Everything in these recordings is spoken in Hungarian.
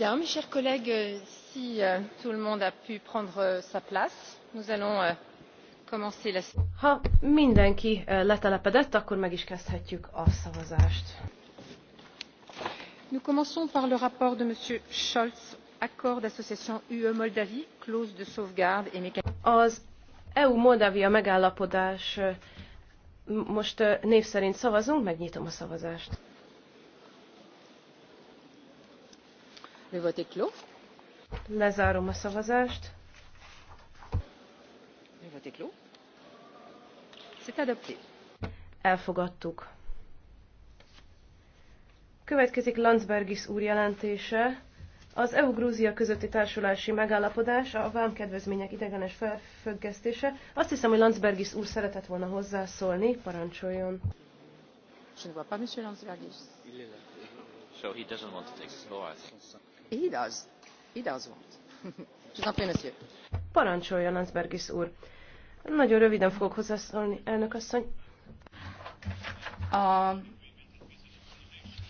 mes chers collègues si euh, tout le monde a pu prendre euh, sa place nous allons euh, commencer la séance. ha mindenki letelepedett akkor meg is kezdhetjük a szavazást nous commençons par le rapport de m. scholz accord d'association ue moldavie clause de sauvegarde et mécanisme az eu moldavia megállapodás most név szerint szavazunk megnyitom a szavazást Lezárom a szavazást. Elfogadtuk. Következik Landsbergis úr jelentése. Az EU-Grúzia közötti társulási megállapodás, a vámkedvezmények idegenes felfüggesztése. Azt hiszem, hogy Landsbergis úr szeretett volna hozzászólni. Parancsoljon. Je ne vois pas Monsieur Landsbergis. So he doesn't want to take the floor, I think. Parancsoljon, landsbergis úr. Nagyon röviden fogok hozzászólni, elnök asszony. A,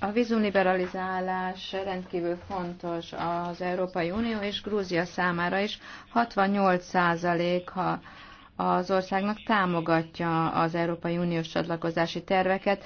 a vízumliberalizálás rendkívül fontos az Európai Unió és Grúzia számára is. 68%-a az országnak támogatja az Európai Uniós csatlakozási terveket.